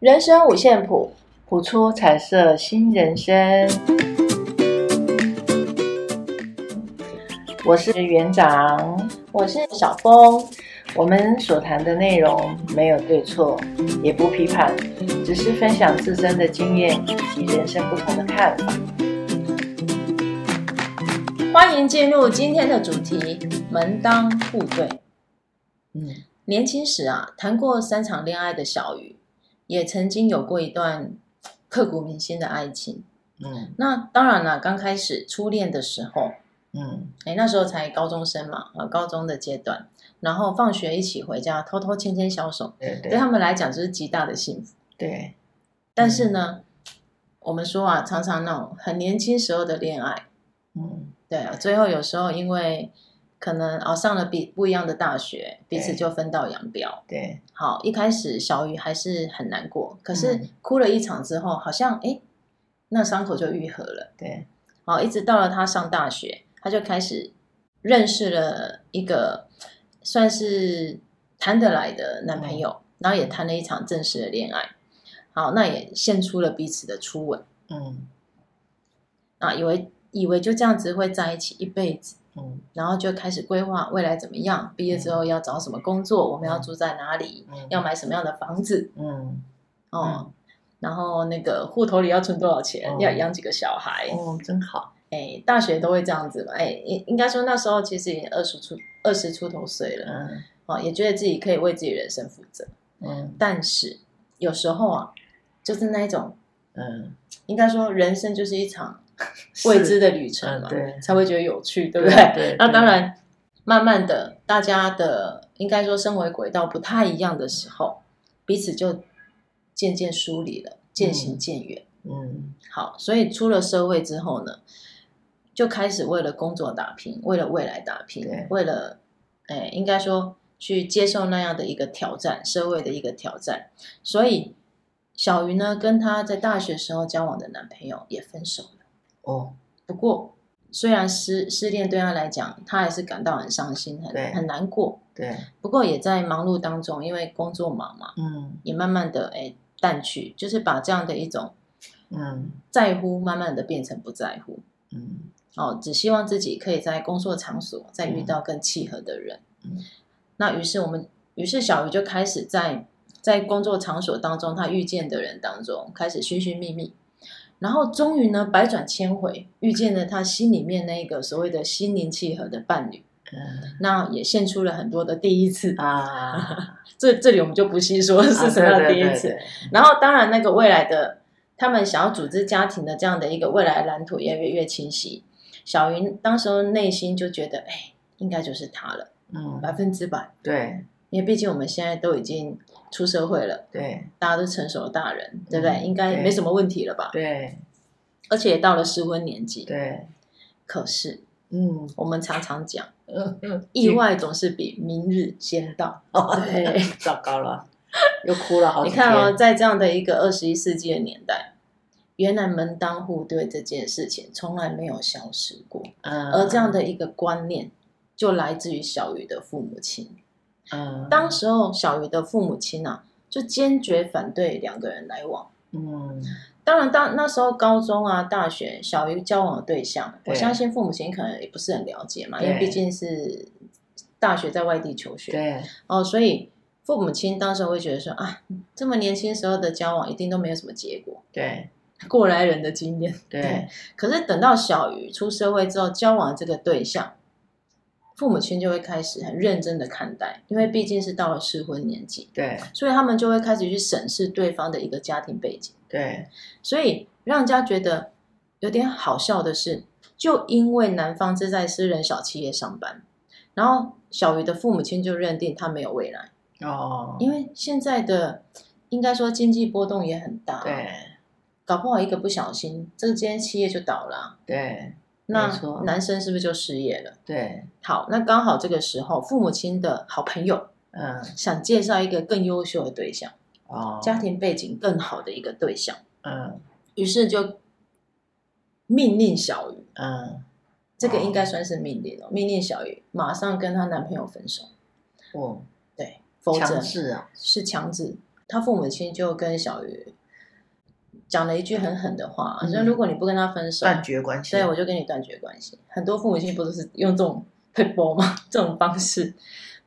人生五線譜，譜出彩色新人生。我是園長，我是小峰。我們所談的內容沒有對錯，也不批判，只是分享自身的經驗以及人生不同的看法。歡迎進入今天的主題：門當戶對。嗯，年輕時啊，談過三場戀愛的小雨。也曾經有過一段刻骨銘心的愛情，嗯，那當然啦，剛開始初戀的時候，嗯誒，那時候才高中生嘛，啊，高中的階段，然後放學一起回家，偷偷牽牽小手，對，對，對他們來講就是極大的幸福，對。但是呢，嗯、我們說啊，常常那種很年輕時候的戀愛，嗯，對啊，最後有時候因為，可能哦，上了比不一樣的大學，彼此就分道揚鑣。對，好，一開始小雨還是很難過，可是哭了一場之後，好像誒，那傷口就癒合了。對，好，一直到了他上大學，他就開始認識了一個算是談得來的男朋友，嗯、然後也談了一場正式的戀愛。好，那也獻出了彼此的初吻。嗯，啊，以為以為就這樣子會在一起一輩子。嗯，然後就開始規劃未來怎麼樣，畢業之後要找什麼工作，我們要住在哪裡，要買什麼樣的房子，嗯，哦，然後那個戶頭裡要存多少錢，要養幾個小孩，哦，真好，哎，大學都會這樣子嘛，哎，應應該說那時候其實已經二十出二十出頭歲了，哦，也覺得自己可以為自己人生負責，嗯，但是有時候啊，就是那一種，嗯，應該說人生就是一場。未知的旅程嘛，嗯、對，才會覺得有趣，對不對？對對對，那當然，慢慢的，大家的應該說，生活軌道不太一樣的時候，嗯、彼此就漸漸疏離了，漸行漸遠。嗯，嗯好，所以出了社會之後呢，就開始為了工作打拼，為了未來打拼，對為了哎、呃，應該說去接受那樣的一個挑戰，社會的一個挑戰。所以小魚呢，跟她在大學時候交往的男朋友也分手。哦，oh, 不過雖然失失戀對他來講，他還是感到很傷心，很對很難過。對，不過也在忙碌當中，因為工作忙嘛，嗯，也慢慢的哎、欸、淡去，就是把這樣的一種嗯在乎，嗯、慢慢的變成不在乎。嗯，哦，只希望自己可以在工作場所再遇到更契合的人。嗯，嗯，那於是我們，於是小魚就開始在在工作場所當中，他遇見的人當中開始尋尋覓覓。然後終於呢，百轉千迴，遇見了他心裡面那個所謂的心靈契合的伴侶。嗯，那也獻出了很多的第一次啊。這這裡我們就不細說，啊，是什麼第一次。啊，對對對，然後當然那個未來的他們想要組織家庭的這樣的一個未來藍圖也越來越清晰。小雲當時內心就覺得，哎，應該就是他了。嗯，百分之百。對，因為畢竟我們現在都已經。出社會了，對，大家都成熟了，大人，嗯、對不對？應該沒什麼問題了吧？對，而且也到了適婚年紀。對，可是，嗯，我們常常講，嗯嗯、意外總是比明日先到。嗯哦、對，糟糕了，又哭了好。好， 你看哦，在這樣的一個二十一世紀的年代，原來門當戶對這件事情從來沒有消失過，嗯、而這樣的一個觀念，就來自於小雨的父母親。嗯，當時候小魚的父母親吶、啊，就堅決反對兩個人來往。嗯，當然當那時候高中啊、大學，小魚交往的對象，對，我相信父母親可能也不是很了解嘛，對因為畢竟是大學在外地求學。對哦，所以父母親當時會覺得說啊，這麼年輕時候的交往一定都沒有什麼結果。對，過來人的經驗。對，對，可是等到小魚出社會之後，交往這個對象。父母親就會開始很認真的看待，因為畢竟是到了適婚年紀，對，所以他們就會開始去審視對方的一個家庭背景，對，所以讓人家覺得有點好笑的是，就因為男方在私人小企業上班，然後小魚的父母親就認定他沒有未來哦，因為現在的應該說經濟波動也很大，對，搞不好一個不小心，這個間企業就倒了啊，對。那男生是不是就失業了？啊、對，好，那剛好這個時候，父母親的好朋友，嗯，想介紹一個更優秀的對象，哦，嗯嗯嗯嗯、家庭背景更好的一個對象，嗯，於是就命令小雨，嗯，這個應該算是命令了、哦。命令小雨馬上跟她男朋友分手，哦，啊、對，否則是強制，他父母親就跟小雨，講了一句很狠的話，嗯、說如果你不跟他分手，嗯、斷絕關係，對，我就跟你斷絕關係。很多父母親不都是用這種撇步嗎？這種方式，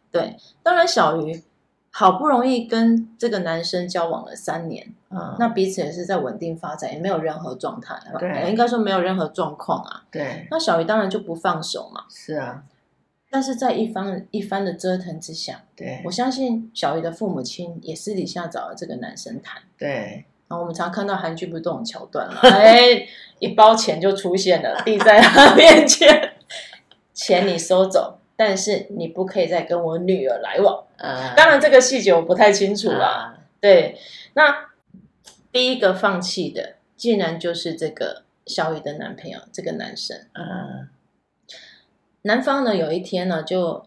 對。當然，小魚好不容易跟這個男生交往了三年，啊、嗯，那彼此也是在穩定發展，也沒有任何狀態，對，應該說沒有任何狀況啊。對。那小魚當然就不放手嘛。是啊。但是在一番一番的折騰之下，對，我相信小魚的父母親也私底下找了這個男生談，對。我們常看到韓劇不是這種橋段嘛，哎，一包錢就出現了，遞在他面前，錢你收走，但是你不可以再跟我女兒來往。啊、嗯，當然這個細節我不太清楚啊。嗯、對，那第一個放棄的竟然就是這個小雨的男朋友，這個男生。嗯，男方呢有一天呢就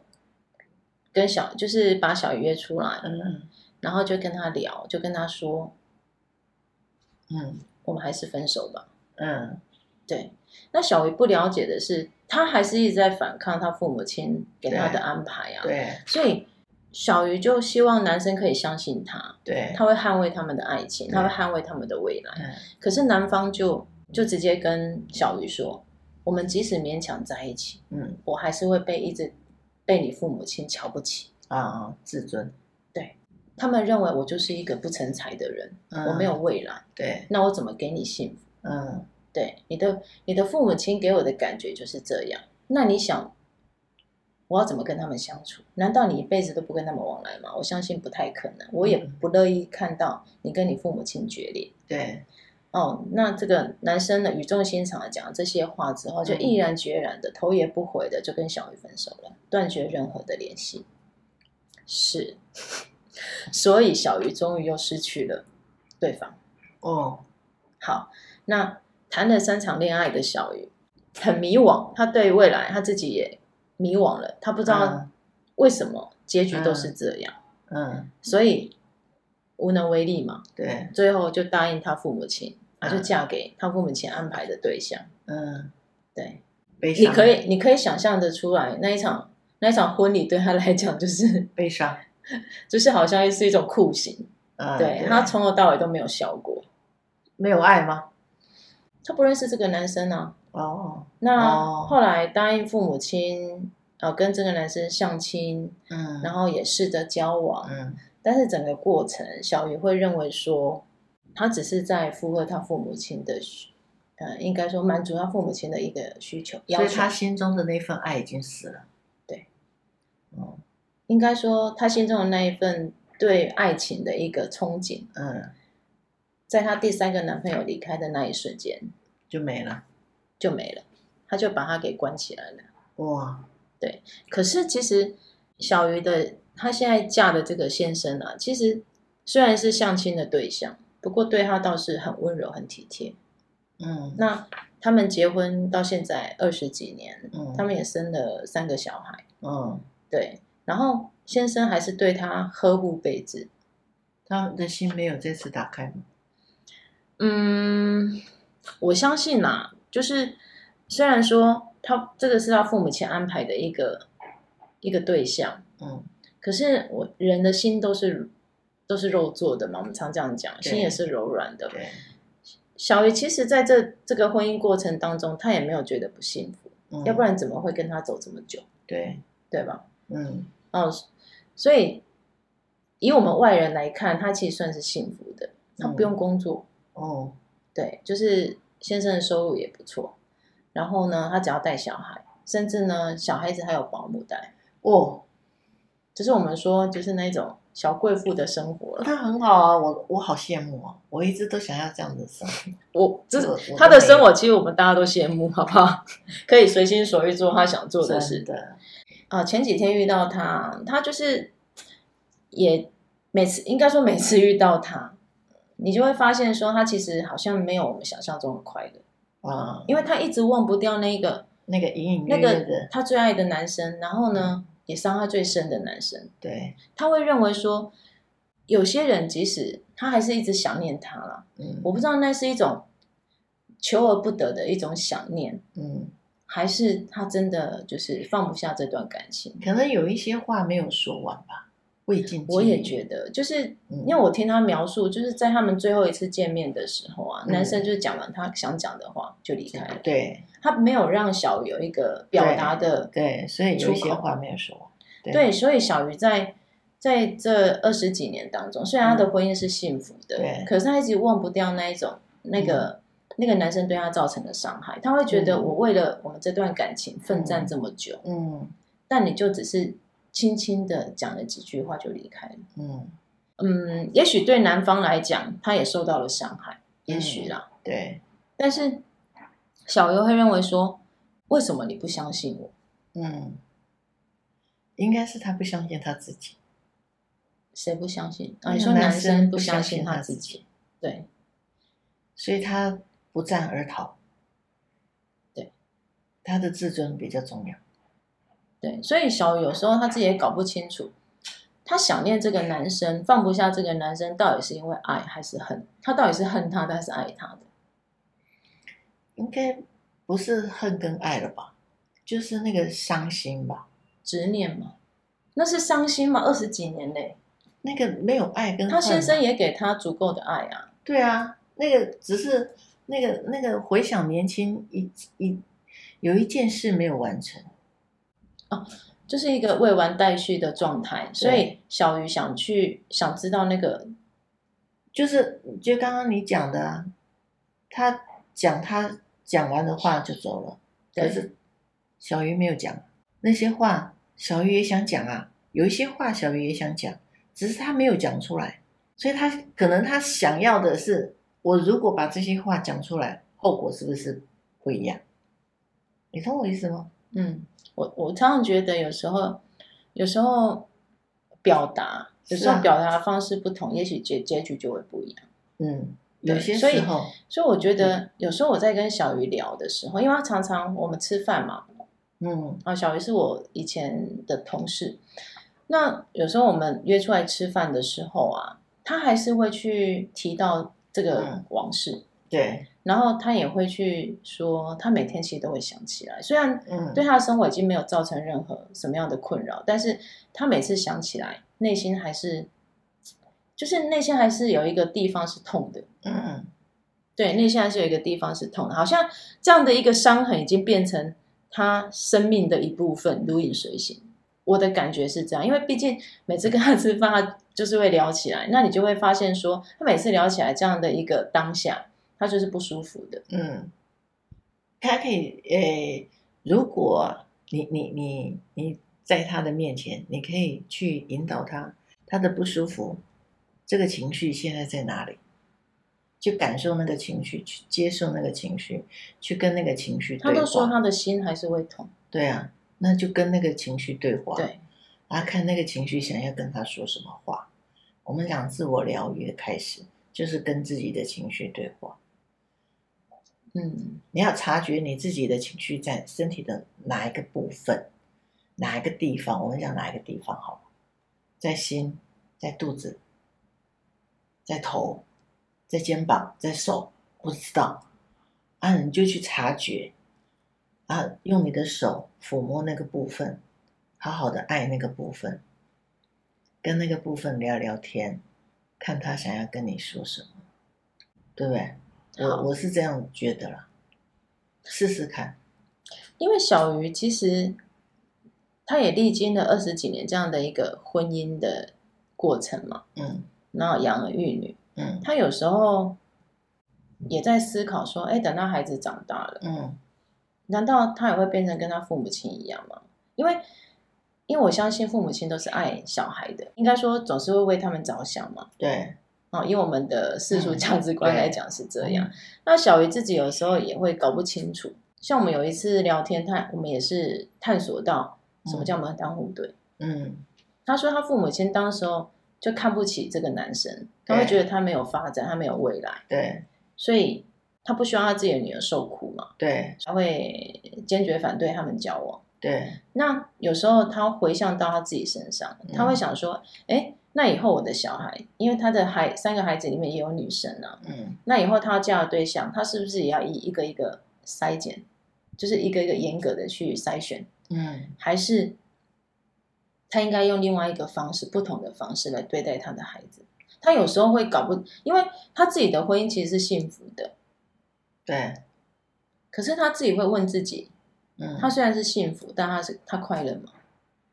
跟小就是把小雨約出來，嗯，然後就跟他聊，就跟他說。嗯，我們還是分手吧。嗯，對。那小魚不了解的是，他還是一直在反抗他父母親給他的安排啊。對。對，所以小魚就希望男生可以相信他，對，他會捍衛他們的愛情，對，他會捍衛他們的未來。嗯，可是男方就就直接跟小魚說，我們即使勉強在一起，嗯，我還是會被一直被你父母親瞧不起啊，自尊。他們認為我就是一個不成才的人，嗯、我沒有未來，對，那我怎麼給你幸福？嗯，對，你的你的父母親給我的感覺就是這樣，那你想，我要怎麼跟他們相處？難道你一輩子都不跟他們往來嗎？我相信不太可能，我也不樂意看到你跟你父母親決裂。對、嗯，哦，那這個男生呢，語重心長的講了這些話之後，就毅然決然的、嗯、頭也不回的就跟小雨分手了，斷絕任何的聯繫，是。 所以小魚終於又失去了對方。哦，oh. 好，那談了三場戀愛的小魚很迷惘，他對未來他自己也迷惘了，他不知道為什麼結局都是這樣。嗯，uh. uh. 所以無能為力嘛。Uh. 對，最後就答應他父母親，就嫁給他父母親安排的對象。嗯，uh. 對，悲傷。你可以，你可以想象得出來那一場，那一場婚禮對他來講就是悲傷。 就是好像是一種酷刑，Okay. 對，他從頭到尾都沒有笑過，沒有愛嗎？他不認識這個男生呢、啊。哦，oh. oh. 那後來答應父母親、呃，跟這個男生相親，嗯，oh. 然後也試着交往，嗯，oh. oh. 但是整個過程，小雨會認為說，他只是在附和他父母親的、呃、應該說滿足他父母親的一個需求，要求。所以他心中的那份愛已經死了，對，oh. 應該說，她心中的那一份對愛情的一個憧憬，嗯，在她第三個男朋友離開的那一瞬間，就沒了，就沒了，她就把他給關起來了。哇，對。可是其實小魚的她現在嫁的這個先生啊，其實雖然是相親的對象，不過對他倒是很溫柔、很體貼。嗯，那他們結婚到現在二十幾年，嗯，他們也生了三個小孩。嗯，對。然後先生還是對他呵護備至，他的心沒有再次打開嗎？嗯，我相信啦、啊，就是雖然說他這個是他父母親安排的一個一個對象，嗯，可是我人的心都是都是肉做的嘛，我們常這樣講，對心也是柔軟的。對小葉其實在這這個婚姻過程當中，他也沒有覺得不幸福，嗯，要不然怎麼會跟他走這麼久？對對吧？嗯。哦，所以以我們外人來看，他其實算是幸福的。他不用工作、嗯、哦，對，就是先生的收入也不錯。然後呢，他只要帶小孩，甚至呢，小孩子還有保姆帶。哦，就是我們說，就是那種小貴婦的生活，他很好啊。我我好羨慕啊，我一直都想要這樣子生活。 我這是他的生活，其實我們大家都羨慕，好不好？ 可以隨心所欲做他想做的事的。啊，前幾天遇到他，他就是也每次應該說每次遇到他，嗯、你就會發現說他其實好像沒有我們想象中的快樂啊，嗯、因為他一直忘不掉那個那個隱隱那個的他最愛的男生，然後呢、嗯、也傷他最深的男生，對，他會認為說有些人即使他還是一直想念他了，嗯，我不知道那是一種求而不得的一種想念，嗯。還是他真的就是放不下這段感情，可能有一些話沒有說完吧，未盡。我也覺得，就是因為我聽他描述，就是在他們最後一次見面的時候啊，男生就講完他想講的話就離開了，對，他沒有讓小魚有一個表達的，對，所以有一些話沒有說完。對，所以小魚在在這二十幾年當中，雖然他的婚姻是幸福的，對，可是他一直忘不掉那一種那個。那個男生對他造成的傷害，他會覺得，我為了我們這段感情奮戰這麼久，嗯，嗯，但你就只是輕輕的講了幾句話就離開了，嗯嗯，也許對男方來講，他也受到了傷害，也許啦，嗯、對，但是小尤會認為說，為什麼你不相信我？嗯，應該是他不相信他自己，誰不相信？啊，你說男生不相信他自己，對，所以他。不戰而逃，對，他的自尊比較重要，對，所以小雨有時候他自己也搞不清楚，他想念這個男生，放不下這個男生，到底是因為愛還是恨？他到底是恨他，還是愛他的？應該不是恨跟愛了吧？就是那個傷心吧，執念嘛，那是傷心嘛？二十幾年嘞，那個沒有愛跟他先生也給他足夠的愛啊，對啊，那個只是。那個那個回想，年輕一一，一有一件事沒有完成，哦，就是一個未完待續的狀態，對所以小魚想去想知道那個，就是就剛剛你講的，啊，他講他講完的話就走了，對但是小魚沒有講那些話，小魚也想講啊，有一些話小魚也想講，只是他沒有講出來，所以他可能他想要的是。我如果把這些話講出來，後果是不是不一樣？你懂我意思嗎？嗯，我我常常覺得有時候，有時候表達有時候表達的方式不同，啊、也許結結局就會不一樣。嗯，有些時候所，所以我覺得有時候我在跟小魚聊的時候，因為他常常我們吃飯嘛，嗯，啊，小魚是我以前的同事，那有時候我們約出來吃飯的時候啊，他還是會去提到。這個往事，嗯，對，然後他也會去說，他每天其實都會想起來，雖然嗯對他的生活已經沒有造成任何什麼樣的困擾，但是他每次想起來，內心還是，就是內心還是有一個地方是痛的，嗯，對，內心還是有一個地方是痛的，好像這樣的一個傷痕已經變成他生命的一部分，如影隨形。我的感覺是這樣，因為畢竟每次跟他吃飯，他就是會聊起來，那你就會發現說，他每次聊起來這樣的一個當下，他就是不舒服的。嗯，他可以，欸，如果你你你你在他的面前，你可以去引導他，他的不舒服，這個情緒現在在哪裡？去感受那個情緒，去接受那個情緒，去跟那個情緒。他都說他的心還是會痛。對啊。那就跟那個情緒對話，啊對，然後看那個情緒想要跟他說什麼話。我們講自我療癒的開始，就是跟自己的情緒對話。嗯，你要察覺你自己的情緒在身體的哪一個部分，哪一個地方？我們講哪一個地方？好嗎？在心，在肚子，在頭，在肩膀，在手，不知道啊，你就去察覺。啊！用你的手撫摸那個部分，好好的愛那個部分，跟那個部分聊聊天，看他想要跟你說什麼，對不對？好我我是這樣覺得啦，試試看。因為小魚其實他也歷經了二十幾年這樣的一個婚姻的過程嘛，嗯，然後養兒育女，嗯，他有時候也在思考說，哎，等到孩子長大了，嗯。難道他也會變成跟他父母親一樣嗎？因為，因為我相信父母親都是愛小孩的，應該說，總是會為他們着想嘛。對，哦，以我們的世俗價值觀來講是這樣。對那小於自己有時候也會搞不清楚。像我們有一次聊天，他我們也是探索到什麼叫門當戶對。嗯，他說他父母親當時候就看不起這個男生，他會覺得他沒有發展，他沒有未來。對，所以。他不希望他自己的女兒受苦嘛？對，他會堅決反對他們交往。對，那有時候他回想到他自己身上，嗯、他會想說：“哎，那以後我的小孩，因為他的孩三個孩子裡面也有女生啊，嗯，那以後他要嫁的對象，他是不是也要一一個一個篩檢，就是一個一個嚴格的去篩選？嗯，還是他應該用另外一個方式，不同的方式來對待他的孩子？他有時候會搞不，因為他自己的婚姻其實是幸福的。”對啊，可是他自己會問自己，嗯，他雖然是幸福，但他是他快樂嗎？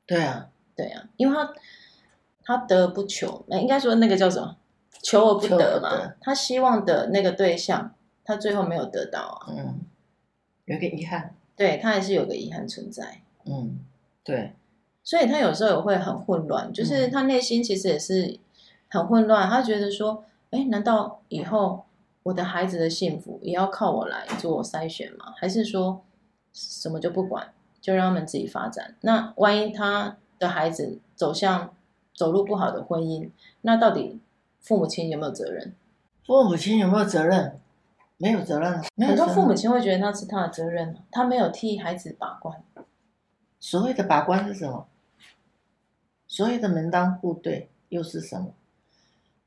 對啊，對啊，因為他他得而不求，那應該說那個叫什麼？求而不得嘛。得他希望的那個對象，他最後沒有得到啊，嗯，有個遺憾。對，他還是有個遺憾存在，嗯，對，所以他有時候也會很混亂，就是他內心其實也是很混亂。他覺得說，哎，難道以後？我的孩子的幸福也要靠我來做篩選嗎？還是說什麼就不管，就讓他們自己發展？那萬一他的孩子走向走路不好的婚姻，那到底父母親有沒有責任？父母親有沒有責任？沒有責任。很多父母親會覺得那是他的責任，他沒有替孩子把關。所謂的把關是什麼？所謂的門當戶對又是什麼？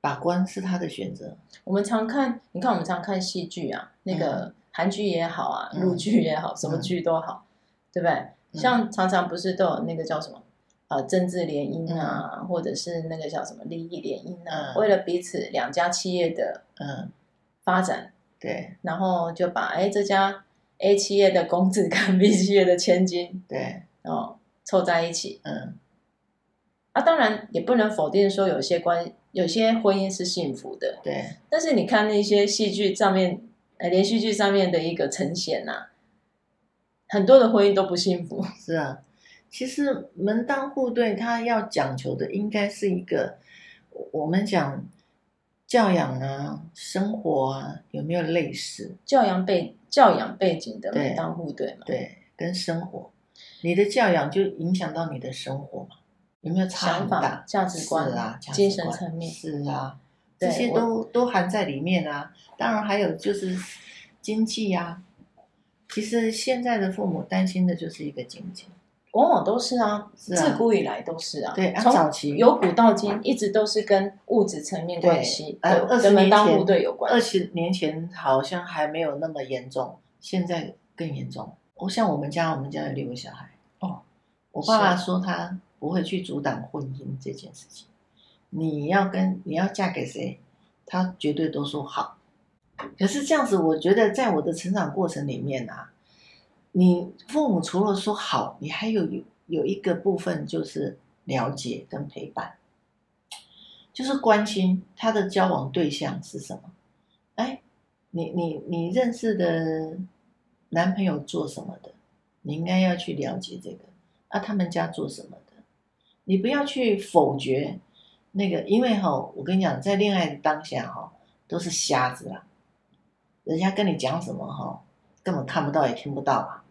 法官是他的選擇。我們常看，你看我們常看戲劇啊，那個韓劇也好啊，陸劇、嗯、也好，嗯、什麼劇都好，嗯、對不對？像常常不是都有那個叫什麼啊、呃，政治聯姻啊，嗯、或者是那個叫什麼利益聯姻啊，嗯、為了彼此兩家企業的嗯發展，嗯、對，然後就把哎、欸、這家 A 企業的公子跟 B 企業的千金，對，哦，湊在一起，嗯。啊，當然也不能否定說有些關有些婚姻是幸福的，對。但是你看那些戲劇上面，呃，連續劇上面的一個呈現吶，很多的婚姻都不幸福。是啊，其實門當戶對，它要講求的應該是一個，我們講教養啊，生活啊，有沒有類似教養背教養背景的門當戶對嘛？對，跟生活，你的教養就影響到你的生活嘛。有沒有想法、價值觀啊，精神層面是啊，這些都都含在裡面啊。當然還有就是經濟啊。其實現在的父母擔心的就是一個經濟，往往都是啊，自古以來都是啊。對，從早期，由古到今，一直都是跟物質層面關係，跟門當戶對有關係。二十年前好像還沒有那麼嚴重，現在更嚴重。我像我們家，我們家有六個小孩。哦，我爸爸說他。不會去阻擋婚姻這件事情。你要跟你要嫁給誰，他絕對都說好。可是這樣子，我覺得在我的成長過程裡面啊，你父母除了說好，你還有有有一個部分就是了解跟陪伴，就是關心他的交往對象是什麼。哎，你你你認識的男朋友做什麼的？你應該要去了解這個，啊，那他們家做什麼？你不要去否決那個，因為哈，我跟你講，在戀愛的當下哈，都是瞎子啊，人家跟你講什麼哈，根本看不到也聽不到啊，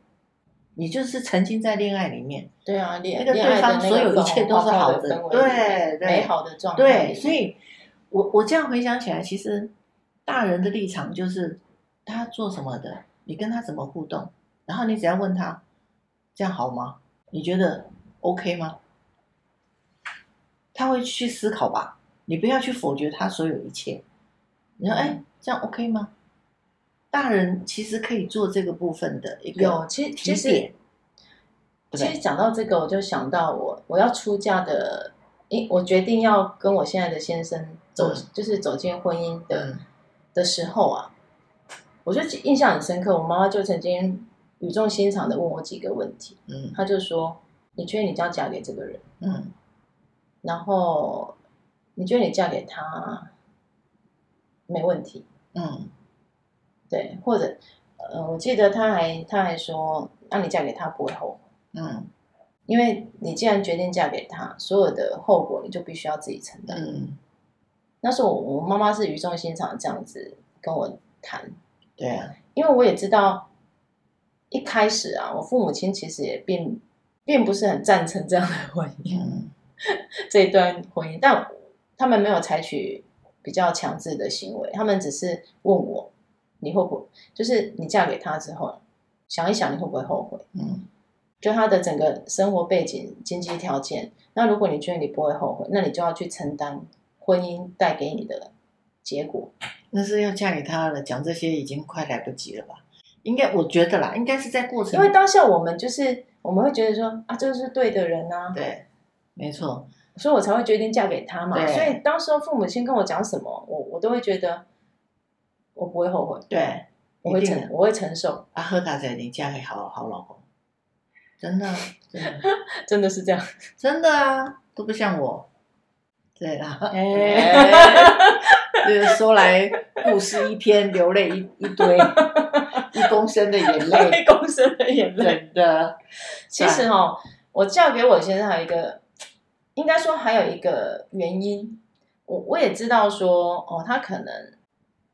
你就是曾經在戀愛裡面，對啊，戀戀愛那個對方所有一切都是好的對，對美好的狀態。對，所以我我這樣回想起來，其實大人的立場就是他做什麼的，你跟他怎麼互動，然後你只要問他，這樣好嗎？你覺得 OK 嗎？他會去思考吧，你不要去否決他所有一切。你說，哎、欸，這樣 OK 嗎？大人其實可以做這個部分的一個提點。有，其實其實講到這個，我就想到我我要出嫁的、欸，我決定要跟我現在的先生走，嗯、就是走進婚姻的、嗯、的時候啊，我就印象很深刻。我媽媽就曾經語重心長的問我幾個問題，嗯，她就說：“你確定你這樣嫁給這個人？”嗯。然後你覺得你嫁給他沒問題？嗯，對，或者呃，我記得他還他還說，讓、啊、你嫁給他不會後悔。嗯，因為你既然決定嫁給他，所有的後果你就必須要自己承擔。嗯，那時候我我媽媽是語重心長這樣子跟我談。對啊，因為我也知道一開始啊，我父母親其實也並並不是很贊成這樣的婚姻。嗯。這一段婚姻，但他們沒有採取比較強制的行為，他們只是問我，你會不就是你嫁給他之後，想一想你會不會後悔？嗯，就他的整個生活背景、經濟條件，那如果你覺得你不會後悔，那你就要去承擔婚姻帶給你的結果。那是要嫁給他了，講這些已經快來不及了吧？應該我覺得啦，應該是在過程，因為當下我們就是我們會覺得說啊，這是對的人啊，對。沒錯，所以我才會決定嫁給他嘛。所以當時父母親跟我講什麼，我我都會覺得，我不會後悔。對，我會承，我會承受。阿赫大姐，你嫁給好好老公，真的，真的真的是這樣，真的啊，都不像我。對啦，哎，就是說來故事一篇，流淚一一堆，一公升的眼淚，一公升的眼淚，真的。其實哦，我嫁給我先生還有一個。應該說，還有一個原因，我我也知道說哦，他可能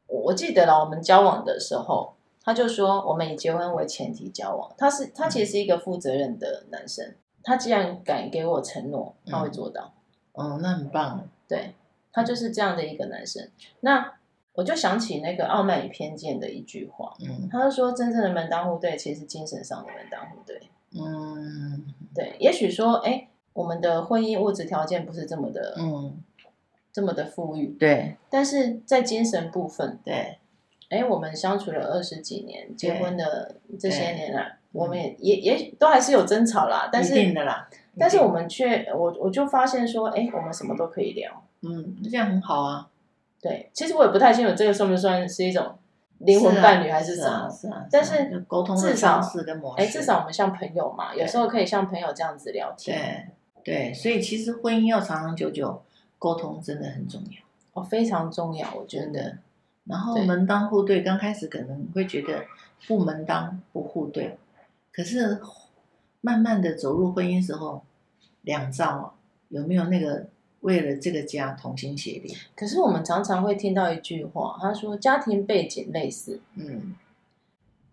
我我記得了，我們交往的時候，他就說，我們以結婚為前提交往，他是他其實是一個負責任的男生，他既然敢給我承諾，他會做到，嗯、哦，那很棒，對，他就是這樣的一個男生。那我就想起那個《傲慢與偏見》的一句話，嗯，他就說真正的門當戶對，其實精神上的門當戶對，嗯，對，也許說，哎。我們的婚姻物質條件不是這麼的，嗯，這麼的富裕，對。但是在精神部分，對。哎，我們相處了二十幾年，結婚的這些年啊，我們也也也都還是有爭吵啦，一定的啦，但是，但是我們卻，我我就發現說，哎，我們什麼都可以聊，嗯，這樣很好啊。對，其實我也不太清楚這個算不算是一種靈魂伴侶還是什麼？是啊，但是溝通至少哎，至少我們像朋友嘛，有時候可以像朋友這樣子聊天，對。對，所以其實婚姻要長長久久，溝通真的很重要，哦，非常重要，我覺得。嗯、然後門當戶對，對，剛開始可能會覺得不門當不戶對，可是慢慢的走入婚姻時候，兩造、啊、有沒有那個為了這個家同心協力？可是我們常常會聽到一句話，他說家庭背景類似，嗯，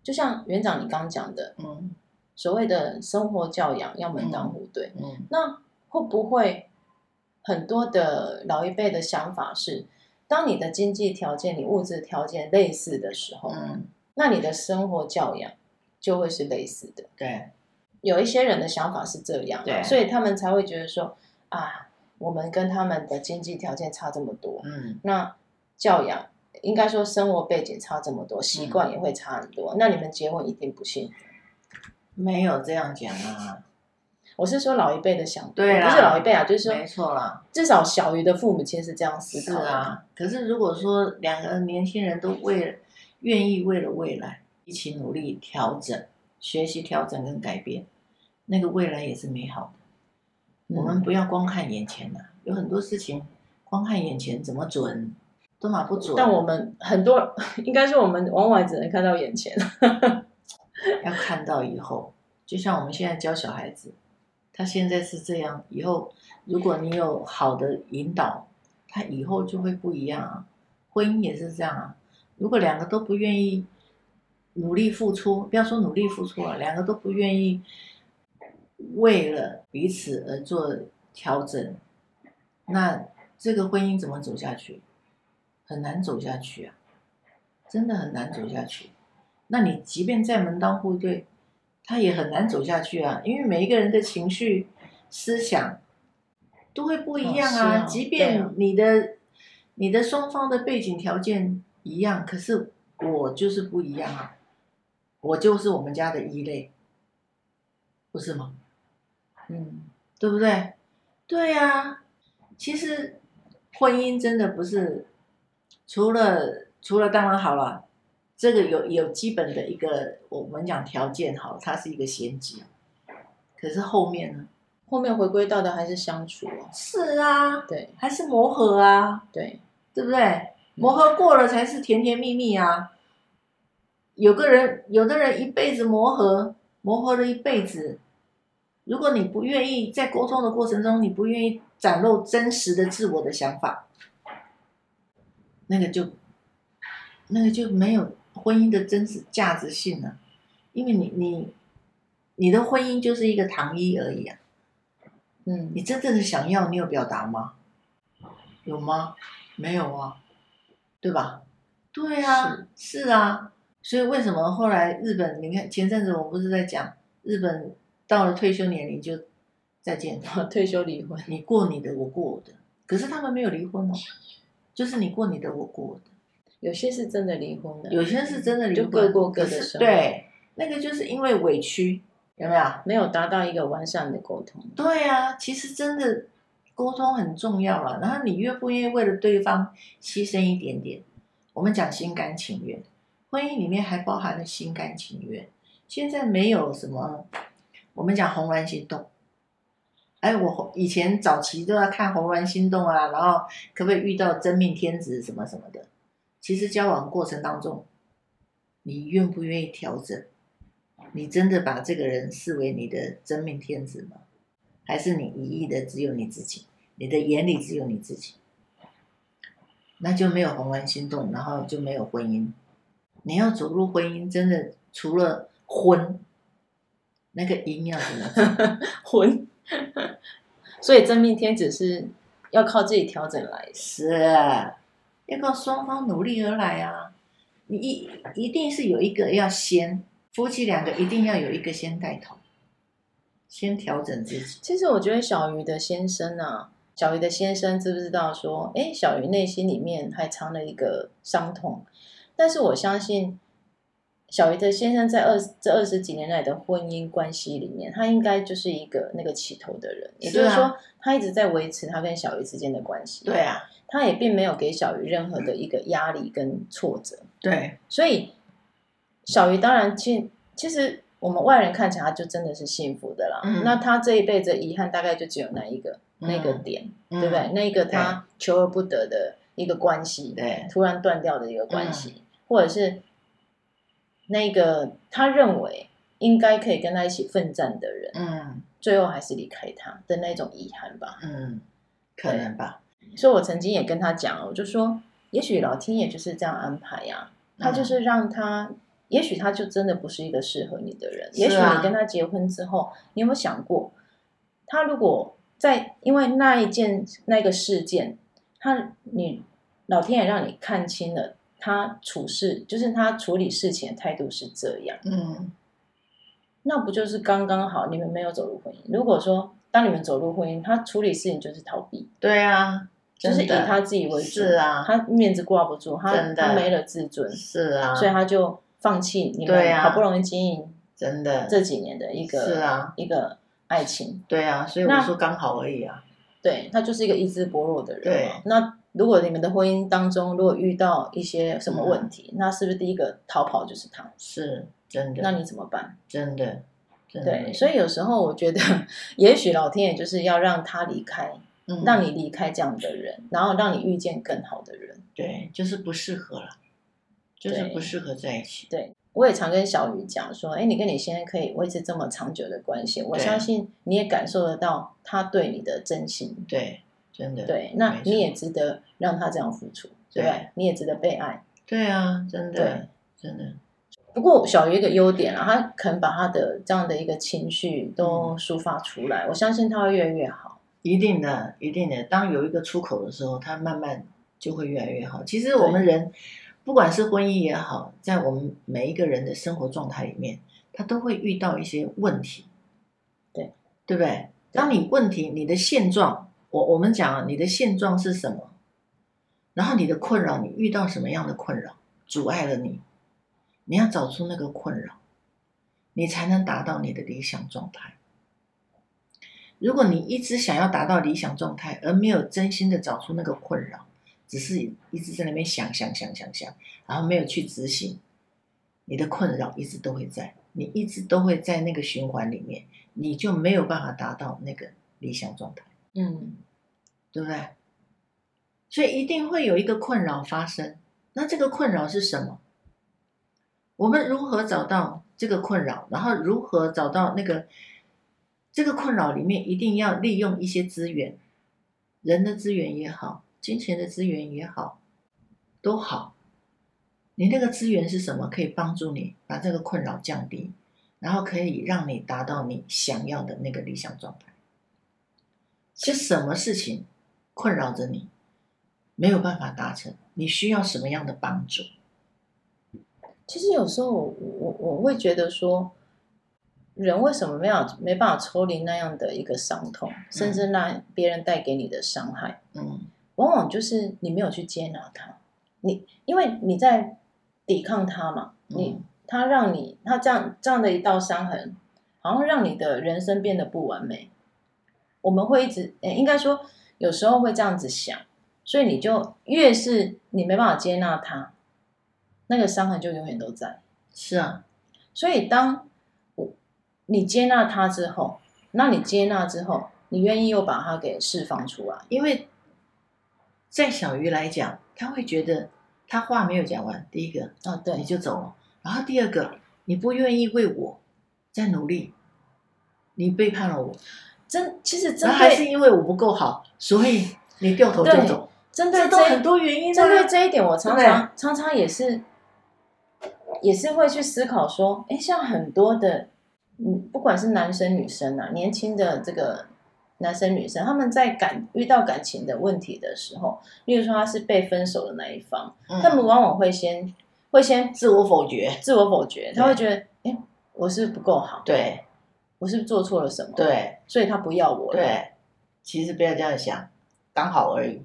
就像園長你剛講的，嗯。所謂的生活教養要門當戶對，嗯嗯、那會不會很多的老一輩的想法是，當你的經濟條件、你物質條件類似的時候，嗯、那你的生活教養就會是類似的。對，有一些人的想法是這樣、啊，對所以他們才會覺得說啊，我們跟他們的經濟條件差這麼多，嗯，那教養應該說生活背景差這麼多，習慣也會差很多，嗯、那你們結婚一定不幸福。沒有這樣講啊，我是說老一輩的想法，對啦，不是老一輩啊，就是說，沒錯啦，至少小魚的父母親是這樣思考啊，啊。可是如果說兩個年輕人都為願意為了未來一起努力調整、學習調整跟改變，那個未來也是美好的。嗯，我們不要光看眼前啊，有很多事情光看眼前怎麼準都拿不準。但我們很多，應該說我們往往只能看到眼前。呵呵。要看到以後，就像我們現在教小孩子，他現在是這樣，以後如果你有好的引導，他以後就會不一樣啊。婚姻也是這樣啊，如果兩個都不願意努力付出，不要說努力付出啊，兩個都不願意為了彼此而做調整，那這個婚姻怎麼走下去？很難走下去啊，真的很難走下去。那你即便再門當戶對，他也很難走下去啊！因為每一個人的情緒、思想都會不一樣啊。即便你的、你的雙方的背景條件一樣，可是我就是不一樣啊，我就是我們家的一類，不是嗎？哦是啊啊、嗯，嗯、對不對？對呀、啊，其實婚姻真的不是，除了除了當然好了。這個有有基本的一個，我們講條件好，它是一個先機，可是後面呢？後面回歸到的還是相處啊。是啊，對，還是磨合啊。對，對不對？磨合過了才是甜甜蜜蜜啊。有個人，有的人一輩子磨合，磨合了一輩子。如果你不願意在溝通的過程中，你不願意展露真實的自我的想法，那個就，那個就沒有。婚姻的真實價值性呢、啊？因為你你你的婚姻就是一個糖衣而已啊，嗯，你真正的想要，你有表達嗎？有嗎？沒有啊，對吧？對啊，是，是啊，所以為什麼後來日本，你看前陣子我不是在講日本到了退休年齡就再見，退休離婚，你過你的，我過我的，可是他們沒有離婚哦，就是你過你的，我過我的。有些是真的離婚的、啊，有些是真的離婚、啊，就各過各的生。對，那個就是因為委屈，有沒有？沒有達到一個完善的溝通、啊。對啊，其實真的溝通很重要了、啊。然後你願不願意為了對方犧牲一點點？我們講心甘情願，婚姻裡面還包含了心甘情願。現在沒有什麼，我們講紅鸞星動。哎，我以前早期都要看紅鸞星動啊，然後可不可以遇到真命天子什麼什麼的？其實交往過程當中，你願不願意調整？你真的把這個人視為你的真命天子嗎？還是你一意的只有你自己，你的眼裡只有你自己？那就沒有紅鸞心動，然後就沒有婚姻。你要走入婚姻，真的除了婚，那個姻要什麼？ 婚。 所以真命天子是要靠自己調整來。是啊。要靠雙方努力而來啊！你一一定是有一個要先，夫妻兩個一定要有一個先帶頭，先調整自己。其實我覺得小魚的先生啊，小魚的先生知不知道說，哎，小魚內心裡面還藏了一個傷痛。但是我相信小魚的先生在二這二十幾年來的婚姻關係裡面，他應該就是一個那個起頭的人，也就是說他一直在維持他跟小魚之間的關係。啊對啊。他也並沒有給小魚任何的一個壓力跟挫折，嗯、對，所以小魚當然其，其其實我們外人看起來他就真的是幸福的啦。嗯、那他這一輩子遺憾大概就只有那一個、嗯、那個點，嗯、對不對？那一個他求而不得的一個關係，對，突然斷掉的一個關係，對或者是那個他認為應該可以跟他一起奮戰的人，嗯，最後還是離開他的那種遺憾吧，嗯，對可能吧。所以，我曾經也跟他講，我就說，也許老天也就是這樣安排呀，啊，他就是讓他，嗯、也許他就真的不是一個適合你的人。啊，也許你跟他結婚之後，你有沒有想過，他如果在因為那一件那個事件，他你老天爺讓你看清了他處事，就是他處理事情的態度是這樣，嗯，那不就是剛剛好你們沒有走入婚姻。如果說當你們走入婚姻，他處理事情就是逃避，對啊。就是以他自己為主，是啊，他面子掛不住，他他沒了自尊，是啊，所以他就放棄你們好不容易經營真的這幾年的一個是啊一個愛情，對啊，所以我說剛好而已啊，對，他就是一個意志薄弱的人。對，那如果你們的婚姻當中如果遇到一些什麼問題，那是不是第一個逃跑就是他？是真的？那你怎麼辦？真的，對，所以有時候我覺得，也許老天爺就是要讓他離開。嗯、讓你離開這樣的人，然後讓你遇見更好的人。對，就是不適合了，就是不適合在一起。對我也常跟小雨講說：“哎、欸，你跟你先生可以維持這麼長久的關係，對我相信你也感受得到他對你的真心。”對，真的。對，那你也值得讓他這樣付出，對，對你也值得被愛。對啊，真的，對，真的。不過小雨一個優點啊，他肯把他的這樣的一個情緒都抒發出來，嗯、我相信他會越來越好。一定的，一定的。當有一個出口的時候，它慢慢就會越來越好。其實我們人，對。不管是婚姻也好，在我們每一個人的生活狀態裡面，他都會遇到一些問題，對，對不對？對。當你問題，你的現狀，我我們講啊，你的現狀是什麼，然後你的困擾，你遇到什麼樣的困擾，阻礙了你，你要找出那個困擾，你才能達到你的理想狀態。如果你一直想要達到理想狀態，而沒有真心的找出那個困擾，只是一直在那邊想想想想想，然後沒有去執行，你的困擾一直都會在，你一直都會在那個循環裡面，你就沒有辦法達到那個理想狀態。嗯，對不對？所以一定會有一個困擾發生。那這個困擾是什麼？我們如何找到這個困擾，然後如何找到那個？這個困擾裡面一定要利用一些資源，人的資源也好，金錢的資源也好，都好。你那個資源是什麼，可以幫助你把這個困擾降低，然後可以讓你達到你想要的那個理想狀態。是什麼事情困擾着你，沒有辦法達成？你需要什麼樣的幫助？其實有時候我我我會覺得說。人為什麼沒有沒辦法抽離那樣的一個傷痛，嗯、甚至讓別人帶給你的傷害？嗯，往往就是你沒有去接納他，你因為你在抵抗他嘛，嗯、你他讓你它這樣這樣的一道傷痕，好像讓你的人生變得不完美。我們會一直，欸、應該說有時候會這樣子想，所以你就越是你沒辦法接納他，那個傷痕就永遠都在。是啊，所以當。你接納他之後，那你接納之後，你願意又把他給釋放出來？因為，在小魚來講，他會覺得他話沒有講完，第一個，嗯、哦，對，你就走了；然後第二個，你不願意為我再努力，你背叛了我。真，其實真還是因為我不夠好，所以你掉頭就走。真的這，這很多原因。針對這一點，我常常對常常也是，也是會去思考說，哎，像很多的。不管是男生女生啊，年輕的這個男生女生，他們在感遇到感情的問題的時候，例如說他是被分手的那一方，嗯、他們往往會先會先自我否決，自我否決，他會覺得，哎對、欸，我是不是不夠好，對，我是不是做錯了什麼，對，所以他不要我了。對，其實不要這樣想，剛好而已，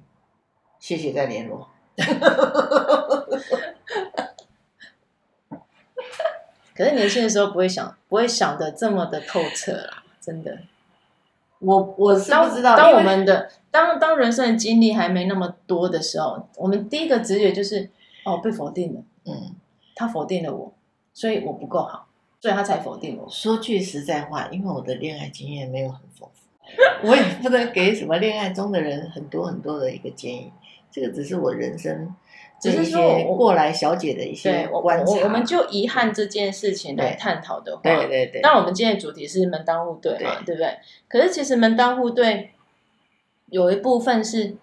謝謝再聯絡。 可是年輕的時候不會想，不會想得這麼的透徹啦，真的。 我我是不知道，當，當我們的為當當人生的經歷還沒那麼多的時候，我們第一個直覺就是哦被否定了，嗯，他否定了我，所以我不夠好，所以他才否定我。說句實在話，因為我的戀愛經驗沒有很豐富， 我也不能給什麼戀愛中的人很多很多的一個建議，這個只是我人生。只是說我們過來小姐的一些觀察，我們就遺憾這件事情來探討的話。對，對對對。那我們今天的主題是門當戶對嘛，對，對不對？可是其實門當戶對有一部分是，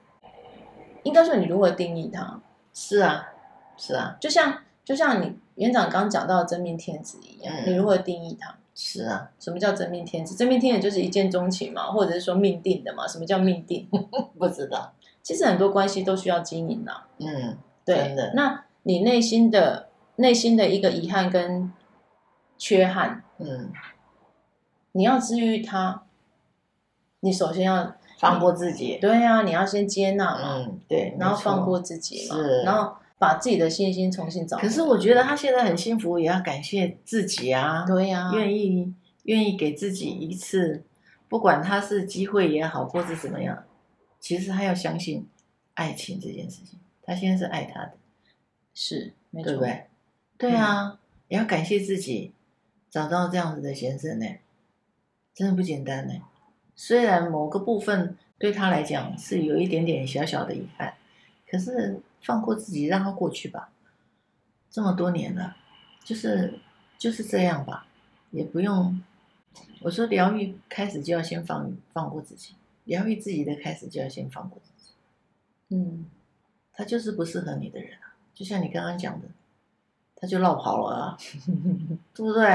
應該說你如何定義它。是啊，是啊。就像就像你園長剛剛講到的真命天子一樣，嗯、你如何定義它。是啊，什麼叫真命天子？真命天子就是一見鍾情嘛，或者是說命定的嘛？什麼叫命定？不知道。其實很多關係都需要經營啊。嗯。對，真的，那你內心的內心的一個遺憾跟缺憾，嗯，你要治癒他，你首先要放過自己。對啊，你要先接納嘛，嗯，對，然後放過自己嘛，是，然後把自己的信心重新找。可是我覺得他現在很幸福，也要感謝自己啊。對呀，啊，願意願意給自己一次，不管他是機會也好，或者怎麼樣，其實他要相信愛情這件事情。他現在是愛他的，是，對不對？錯對啊，嗯、也要感謝自己，找到這樣子的先生呢，真的不簡單呢、欸。雖然某個部分對他來講是有一點點小小的遺憾，可是放過自己，讓他過去吧。這麼多年了，就是就是這樣吧，也不用。我說，療癒開始就要先放放過自己，療癒自己的開始就要先放過自己，嗯。他就是不適合你的人啊，就像你剛剛講的，他就落跑了啊，對不對？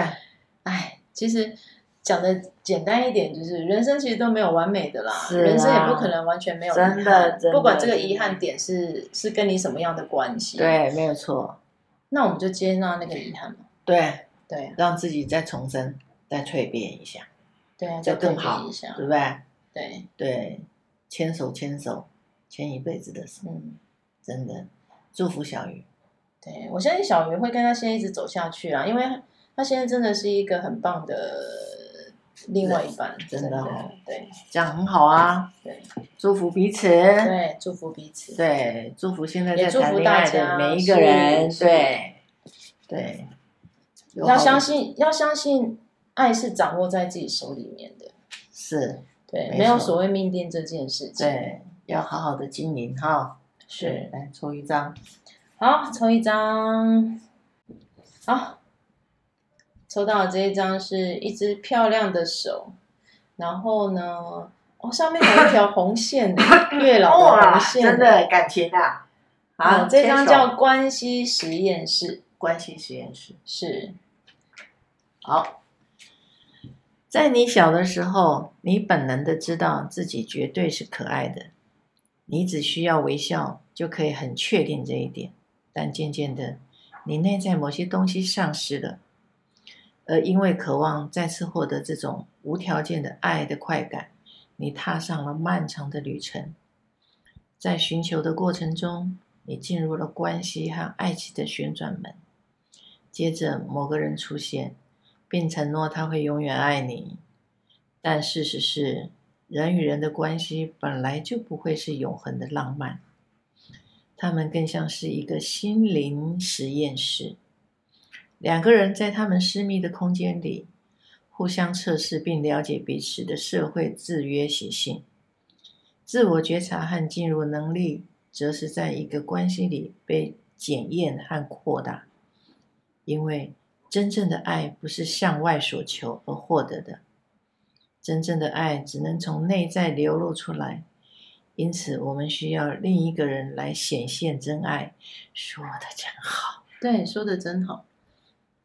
哎，其實講的簡單一點，就是人生其實都沒有完美的啦，人生也不可能完全沒有遺憾，不管這個遺憾點是是跟你什麼樣的關係，對，沒有錯。那我們就接納那個遺憾嘛，對對，讓自己再重生、再蛻變一下，對啊，就更好一下，對不對？對對，牽手牽手，牽一輩子的手，嗯。真的，祝福小魚。對，我相信小魚會跟他現在一直走下去啊，因為他現在真的是一個很棒的另外一半，啊，真的哦，真的，對，這樣很好啊。對，祝福彼此。對，祝福彼此。對，祝福現在在談戀愛的每一個人。對，對，要相信，要相信，愛是掌握在自己手裡面的。是，對，沒錯，沒有所謂命定這件事情。對，要好好的經營哈。是，來抽一張，好，抽一張，好，抽到這一張是一隻漂亮的手，然後呢，哦，上面有一條紅線， 月老的紅線，真的感情啊！好，好牽手，這張叫關係實驗室，關係實驗室是好，在你小的時候，你本能的知道自己絕對是可愛的。你只需要微笑就可以很確定這一點，但漸漸的，你內在某些東西喪失了，而因為渴望再次獲得這種無條件的愛的快感，你踏上了漫長的旅程，在尋求的過程中，你進入了關係和愛情的旋轉門，接着某個人出現，並承諾他會永遠愛你，但事實是。人與人的關係本來就不會是永恆的浪漫，他們更像是一個心靈實驗室。兩個人在他們私密的空間裡，互相測試並了解彼此的社會制約習性，自我覺察和進入能力，則是在一個關係裡被檢驗和擴大。因為真正的愛不是向外所求而獲得的。真正的愛只能從內在流露出來，因此我們需要另一個人來顯現真愛。說的真好，對，說的真好，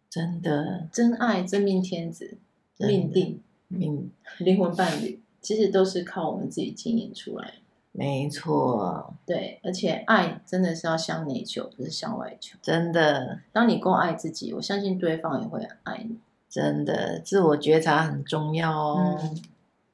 真的，真愛，真命天子，的命定，命靈魂伴侶，其實都是靠我們自己經營出來。沒錯，對，而且愛真的是要向內求，不是向外求。真的，當你夠愛自己，我相信對方也會愛你。真的，自我覺察很重要哦。嗯、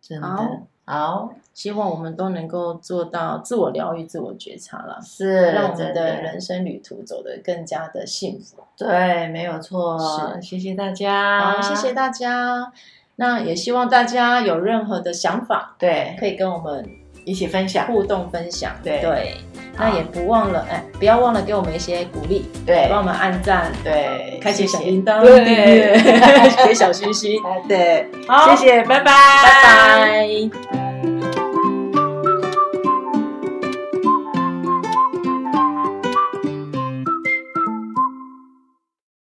真的。好，好，希望我們都能夠做到自我療癒、自我覺察了，是讓我們的人生旅途走得更加的幸福。對，沒有錯。是，謝謝大家，好，謝謝大家。那也希望大家有任何的想法，對，可以跟我們。一起分享、互動分享，對，對啊，那也不忘了，哎，不要忘了給我們一些鼓勵，對，幫我們按贊，對，開啟小鈴鐺，對，點小心心對、 啊，對，好謝謝，拜拜，拜拜。